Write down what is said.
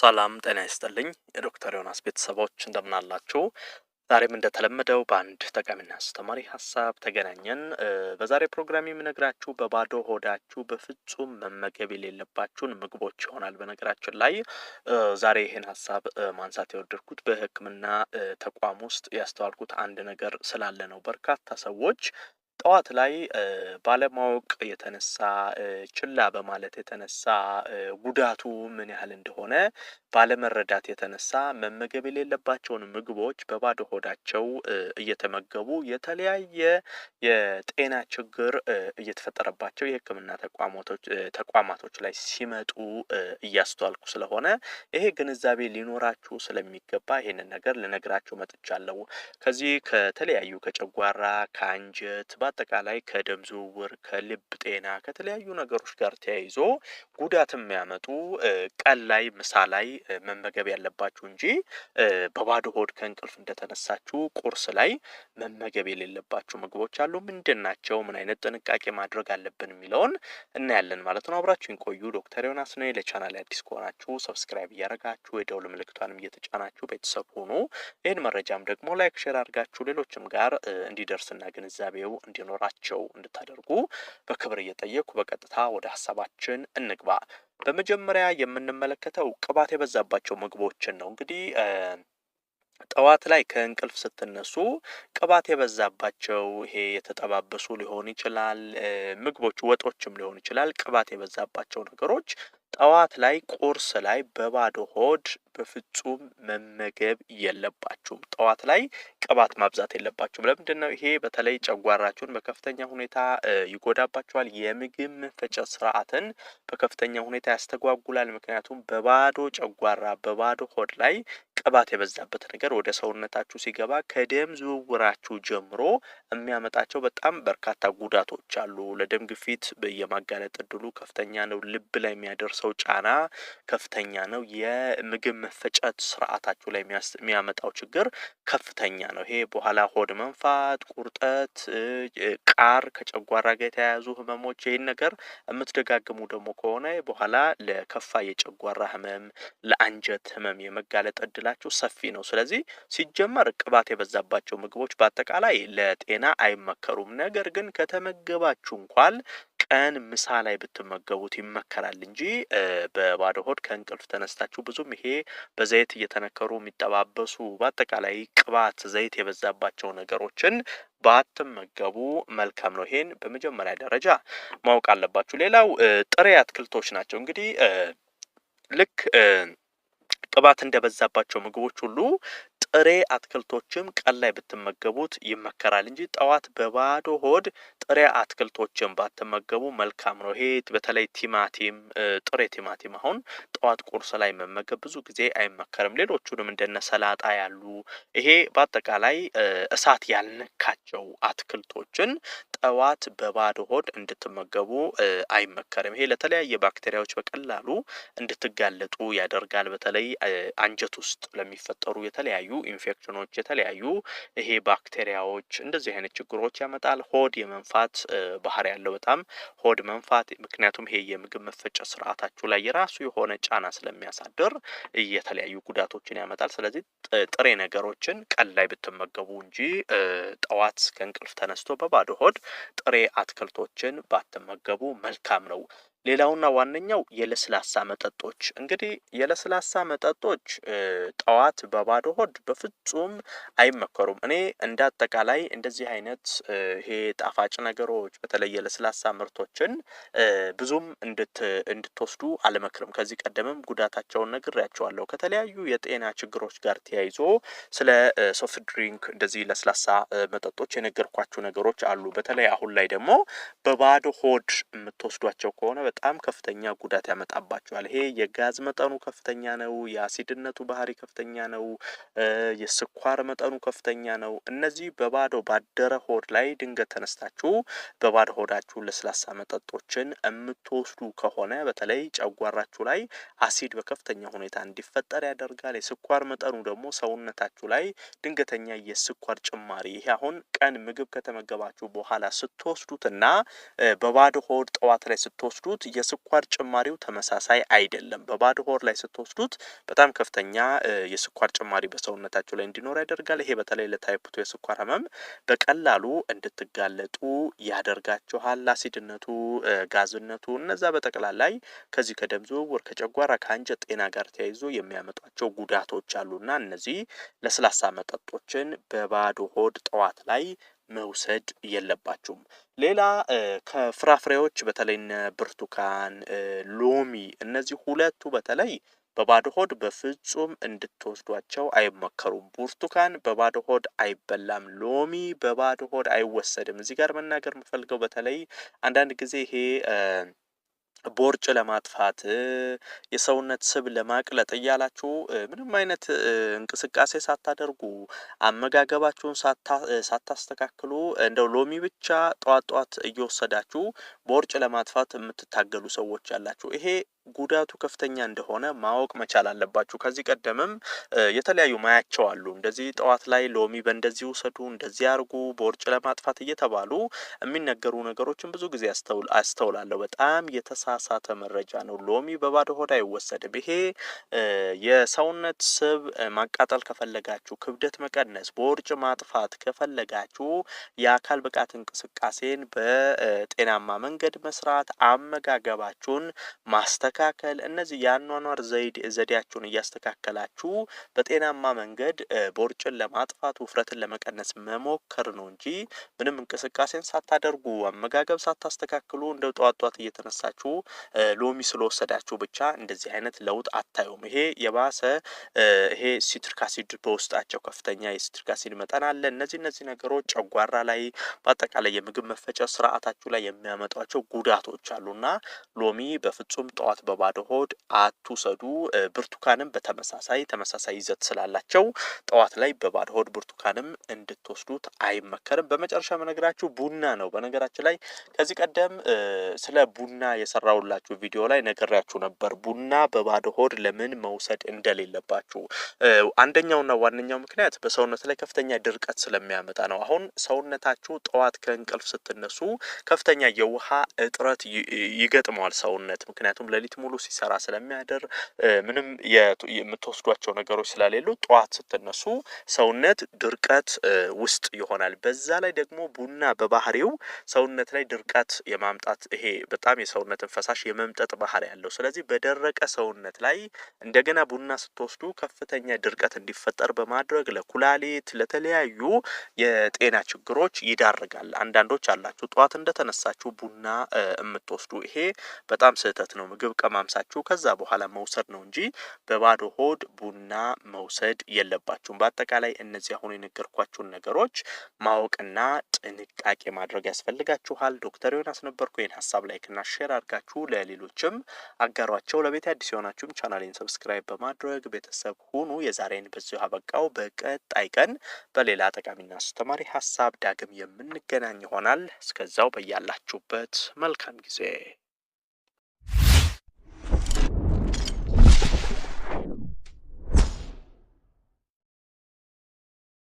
ሰላም ጤና ይስጥልኝ የዶክተር ዮናስ ቤተሰቦች እንደምናላችሁ። ዛሬም እንደተለመደው በአንድ ጠቃሚና አስተማሪ ሀሳብ ተገናኘን። በዛሬ ፕሮግራም የምነግራችሁ በባዶ ሆዳችሁ በፍጹም መመገብ የሌለባችሁን ምግቦች ይሆናል። በነገራችን ላይ ዛሬ ይህን ሀሳብ ማንሳት የወደድኩት በሕክምና ተቋም ውስጥ ያስተዋልኩት አንድ ነገር ስላለ ነው። በርካታ ሰዎች ጠዋት ላይ ባለማወቅ የተነሳ ችላ በማለት የተነሳ ጉዳቱ ምን ያህል እንደሆነ ባለመረዳት የተነሳ መመገብ የሌለባቸውን ምግቦች በባዶ ሆዳቸው እየተመገቡ የተለያየ የጤና ችግር እየተፈጠረባቸው የሕክምና ተቋማቶች ላይ ሲመጡ እያስተዋልኩ ስለሆነ ይሄ ግንዛቤ ሊኖራችሁ ስለሚገባ ይሄንን ነገር ልነግራችሁ መጥቻለሁ። ከዚህ ከተለያዩ ከጨጓራ ከአንጀት አጠቃላይ ከደም ዝውውር ከልብ ጤና ከተለያዩ ነገሮች ጋር ተያይዞ ጉዳት የሚያመጡ ቀን ላይ ምሳ ላይ መመገብ ያለባችሁ እንጂ በባዶ ሆድ ከእንቅልፍ እንደተነሳችሁ ቁርስ ላይ መመገብ የሌለባችሁ ምግቦች አሉ። ምንድን ናቸው? ምን አይነት ጥንቃቄ ማድረግ አለብን የሚለውን እናያለን ማለት ነው። አብራችሁን ቆዩ። ዶክተር ዮናስ ነኝ። ለቻናል አዲስ ከሆናችሁ ሰብስክራይብ እያደረጋችሁ የደውል ምልክቷንም እየተጫናችሁ ቤተሰብ ሆኑ። ይህን መረጃም ደግሞ ላይክ፣ ሼር አድርጋችሁ ሌሎችም ጋር እንዲደርስና ግንዛቤው እንዲ እንዲኖራቸው እንድታደርጉ በክብር እየጠየቁ በቀጥታ ወደ ሀሳባችን እንግባ። በመጀመሪያ የምንመለከተው ቅባት የበዛባቸው ምግቦችን ነው። እንግዲህ ጠዋት ላይ ከእንቅልፍ ስትነሱ ቅባት የበዛባቸው ይሄ የተጠባበሱ ሊሆን ይችላል፣ ምግቦች ወጦችም ሊሆን ይችላል። ቅባት የበዛባቸው ነገሮች ጠዋት ላይ ቁርስ ላይ በባዶ ሆድ በፍጹም መመገብ የለባችሁም። ጠዋት ላይ ቅባት ማብዛት የለባችሁም። ለምንድን ነው ይሄ? በተለይ ጨጓራችሁን በከፍተኛ ሁኔታ ይጎዳባችኋል። የምግብ መፈጨት ስርዓትን በከፍተኛ ሁኔታ ያስተጓጉላል። ምክንያቱም በባዶ ጨጓራ በባዶ ሆድ ላይ ቅባት የበዛበት ነገር ወደ ሰውነታችሁ ሲገባ ከደም ዝውውራችሁ ጀምሮ የሚያመጣቸው በጣም በርካታ ጉዳቶች አሉ። ለደም ግፊት የማጋለጥ እድሉ ከፍተኛ ነው። ልብ ላይ የሚያደርሰው ጫና ከፍተኛ ነው። የምግብ የመፈጨት ስርዓታችሁ ላይ የሚያመጣው ችግር ከፍተኛ ነው። ይሄ በኋላ ሆድ መንፋት፣ ቁርጠት፣ ቃር ከጨጓራ ጋር የተያያዙ ህመሞች ይህን ነገር የምትደጋግሙ ደግሞ ከሆነ በኋላ ለከፋ የጨጓራ ህመም፣ ለአንጀት ህመም የመጋለጥ እድላችሁ ሰፊ ነው። ስለዚህ ሲጀመር ቅባት የበዛባቸው ምግቦች በአጠቃላይ ለጤና አይመከሩም። ነገር ግን ከተመገባችሁ እንኳን ቀን ምሳ ላይ ብትመገቡት ይመከራል እንጂ በባዶ ሆድ ከእንቅልፍ ተነስታችሁ ብዙም ይሄ በዘይት እየተነከሩ የሚጠባበሱ በአጠቃላይ ቅባት ዘይት የበዛባቸው ነገሮችን ባትመገቡ መልካም ነው። ይሄን በመጀመሪያ ደረጃ ማወቅ አለባችሁ። ሌላው ጥሬ አትክልቶች ናቸው። እንግዲህ ልክ ቅባት እንደበዛባቸው ምግቦች ሁሉ ጥሬ አትክልቶችም ቀን ላይ ብትመገቡት ይመከራል እንጂ ጠዋት በባዶ ሆድ ጥሬ አትክልቶችን ባትመገቡ መልካም ነው። ይሄ በተለይ ቲማቲም፣ ጥሬ ቲማቲም አሁን ጠዋት ቁርስ ላይ መመገብ ብዙ ጊዜ አይመከርም። ሌሎቹንም እንደነ ሰላጣ ያሉ ይሄ በአጠቃላይ እሳት ያልነካቸው አትክልቶችን ጠዋት በባዶ ሆድ እንድትመገቡ አይመከርም። ይሄ ለተለያየ ባክቴሪያዎች በቀላሉ እንድትጋለጡ ያደርጋል። በተለይ አንጀት ውስጥ ለሚፈጠሩ የተለያዩ ኢንፌክሽኖች፣ የተለያዩ ይሄ ባክቴሪያዎች እንደዚህ አይነት ችግሮች ያመጣል። ሆድ የመንፋት ባህሪ ያለው በጣም ሆድ መንፋት፣ ምክንያቱም ይሄ የምግብ መፈጨት ስርዓታችሁ ላይ የራሱ የሆነ ጫና ስለሚያሳድር የተለያዩ ጉዳቶችን ያመጣል። ስለዚህ ጥሬ ነገሮችን ቀን ላይ ብትመገቡ እንጂ ጠዋት ከእንቅልፍ ተነስቶ በባዶ ሆድ ጥሬ አትክልቶችን ባትመገቡ መልካም ነው። ሌላውና ዋነኛው የለስላሳ መጠጦች እንግዲህ የለስላሳ መጠጦች ጠዋት በባዶ ሆድ በፍጹም አይመከሩም። እኔ እንደ አጠቃላይ እንደዚህ አይነት ይሄ ጣፋጭ ነገሮች በተለይ የለስላሳ ምርቶችን ብዙም እንድትወስዱ አልመክርም። ከዚህ ቀደምም ጉዳታቸውን ነግሬያቸዋለሁ። ከተለያዩ የጤና ችግሮች ጋር ተያይዞ ስለ ሶፍት ድሪንክ እንደዚህ ለስላሳ መጠጦች የነገርኳቸው ነገሮች አሉ። በተለይ አሁን ላይ ደግሞ በባዶ ሆድ የምትወስዷቸው ከሆነ በጣም ከፍተኛ ጉዳት ያመጣባቸዋል። ይሄ የጋዝ መጠኑ ከፍተኛ ነው፣ የአሲድነቱ ባህሪ ከፍተኛ ነው፣ የስኳር መጠኑ ከፍተኛ ነው። እነዚህ በባዶ ባደረ ሆድ ላይ ድንገት ተነስታችሁ በባዶ ሆዳችሁ ለስላሳ መጠጦችን የምትወስዱ ከሆነ በተለይ ጨጓራችሁ ላይ አሲድ በከፍተኛ ሁኔታ እንዲፈጠር ያደርጋል። የስኳር መጠኑ ደግሞ ሰውነታችሁ ላይ ድንገተኛ የስኳር ጭማሪ ይሄ አሁን ቀን ምግብ ከተመገባችሁ በኋላ ስትወስዱትና በባዶ ሆድ ጠዋት ላይ ስትወስዱት ስትወስዱት የስኳር ጭማሪው ተመሳሳይ አይደለም። በባዶ ሆድ ላይ ስትወስዱት በጣም ከፍተኛ የስኳር ጭማሪ በሰውነታቸው ላይ እንዲኖር ያደርጋል። ይሄ በተለይ ለታይፕቱ የስኳር ህመም በቀላሉ እንድትጋለጡ ያደርጋችኋል። አሲድነቱ፣ ጋዝነቱ እነዛ በጠቅላላ ከዚህ ከደም ዝውውር ከጨጓራ ከአንጀት ጤና ጋር ተያይዞ የሚያመጧቸው ጉዳቶች አሉና እነዚህ ለስላሳ መጠጦችን በባዶ ሆድ ጠዋት ላይ መውሰድ የለባችሁም። ሌላ ከፍራፍሬዎች በተለይ እነ ብርቱካን፣ ሎሚ እነዚህ ሁለቱ በተለይ በባዶ ሆድ በፍጹም እንድትወስዷቸው አይመከሩም። ብርቱካን በባዶ ሆድ አይበላም። ሎሚ በባዶ ሆድ አይወሰድም። እዚህ ጋር መናገር የምፈልገው በተለይ አንዳንድ ጊዜ ይሄ ቦርጭ ለማጥፋት የሰውነት ስብ ለማቅለጥ እያላችሁ ምንም አይነት እንቅስቃሴ ሳታደርጉ አመጋገባችሁን ሳታስተካክሉ እንደው ሎሚ ብቻ ጠዋት ጠዋት እየወሰዳችሁ ቦርጭ ለማጥፋት የምትታገሉ ሰዎች አላችሁ። ይሄ ጉዳቱ ከፍተኛ እንደሆነ ማወቅ መቻል አለባችሁ። ከዚህ ቀደምም የተለያዩ ማያቸው አሉ። እንደዚህ ጠዋት ላይ ሎሚ በእንደዚህ ውሰዱ፣ እንደዚህ አርጉ፣ ቦርጭ ለማጥፋት እየተባሉ የሚነገሩ ነገሮችን ብዙ ጊዜ አስተውላለሁ። በጣም የተሳሳተ መረጃ ነው። ሎሚ በባዶ ሆድ አይወሰድም። ይሄ የሰውነት ስብ ማቃጠል ከፈለጋችሁ፣ ክብደት መቀነስ፣ ቦርጭ ማጥፋት ከፈለጋችሁ የአካል ብቃት እንቅስቃሴን በጤናማ መንገድ መስራት፣ አመጋገባችሁን ማስተ በማስተካከል እነዚህ የአኗኗር ዘይድ ዘዴያችሁን እያስተካከላችሁ በጤናማ መንገድ ቦርጭን ለማጥፋት ውፍረትን ለመቀነስ መሞከር ነው እንጂ ምንም እንቅስቃሴን ሳታደርጉ አመጋገብ ሳታስተካክሉ እንደ ጠዋት ጠዋት እየተነሳችሁ ሎሚ ስለወሰዳችሁ ብቻ እንደዚህ አይነት ለውጥ አታዩም። ይሄ የባሰ ይሄ ሲትሪክ አሲድ በውስጣቸው ከፍተኛ የሲትሪክ አሲድ መጠን አለ። እነዚህ እነዚህ ነገሮች ጨጓራ ላይ በአጠቃላይ የምግብ መፈጨት ስርዓታችሁ ላይ የሚያመጧቸው ጉዳቶች አሉና ሎሚ በፍጹም ጠዋት በባዶ ሆድ አትውሰዱ። ብርቱካንም በተመሳሳይ ተመሳሳይ ይዘት ስላላቸው ጠዋት ላይ በባዶ ሆድ ብርቱካንም እንድትወስዱት አይመከርም። በመጨረሻ መነግራችሁ ቡና ነው። በነገራችን ላይ ከዚህ ቀደም ስለ ቡና የሰራውላችሁ ቪዲዮ ላይ ነገሪያችሁ ነበር፣ ቡና በባዶ ሆድ ለምን መውሰድ እንደሌለባችሁ። አንደኛውና ዋነኛው ምክንያት በሰውነት ላይ ከፍተኛ ድርቀት ስለሚያመጣ ነው። አሁን ሰውነታችሁ ጠዋት ከእንቅልፍ ስትነሱ ከፍተኛ የውሃ እጥረት ይገጥመዋል ሰውነት ምክንያቱም ሌሊት ሌሊት ሙሉ ሲሰራ ስለሚያደር ምንም የምትወስዷቸው ነገሮች ስለሌሉ ጠዋት ስትነሱ ሰውነት ድርቀት ውስጥ ይሆናል። በዛ ላይ ደግሞ ቡና በባህሪው ሰውነት ላይ ድርቀት የማምጣት ይሄ በጣም የሰውነትን ፈሳሽ የመምጠጥ ባህሪ ያለው ስለዚህ በደረቀ ሰውነት ላይ እንደገና ቡና ስትወስዱ ከፍተኛ ድርቀት እንዲፈጠር በማድረግ ለኩላሊት ለተለያዩ የጤና ችግሮች ይዳርጋል። አንዳንዶች አላችሁ ጠዋት እንደተነሳችሁ ቡና የምትወስዱ ይሄ በጣም ስህተት ነው። ምግብ ቀማምሳችሁ ከዛ በኋላ መውሰድ ነው እንጂ በባዶ ሆድ ቡና መውሰድ የለባችሁም። በአጠቃላይ እነዚህ አሁን የነገርኳችሁን ነገሮች ማወቅና ጥንቃቄ ማድረግ ያስፈልጋችኋል። ዶክተር ዮናስ ነበርኩ። ይህን ሀሳብ ላይክና ሼር አድርጋችሁ ለሌሎችም አጋሯቸው። ለቤት አዲስ የሆናችሁም ቻናሌን ሰብስክራይብ በማድረግ ቤተሰብ ሁኑ። የዛሬን በዚሁ አበቃው። በቀጣይ ቀን በሌላ ጠቃሚና አስተማሪ ሀሳብ ዳግም የምንገናኝ ይሆናል። እስከዛው በያላችሁበት መልካም ጊዜ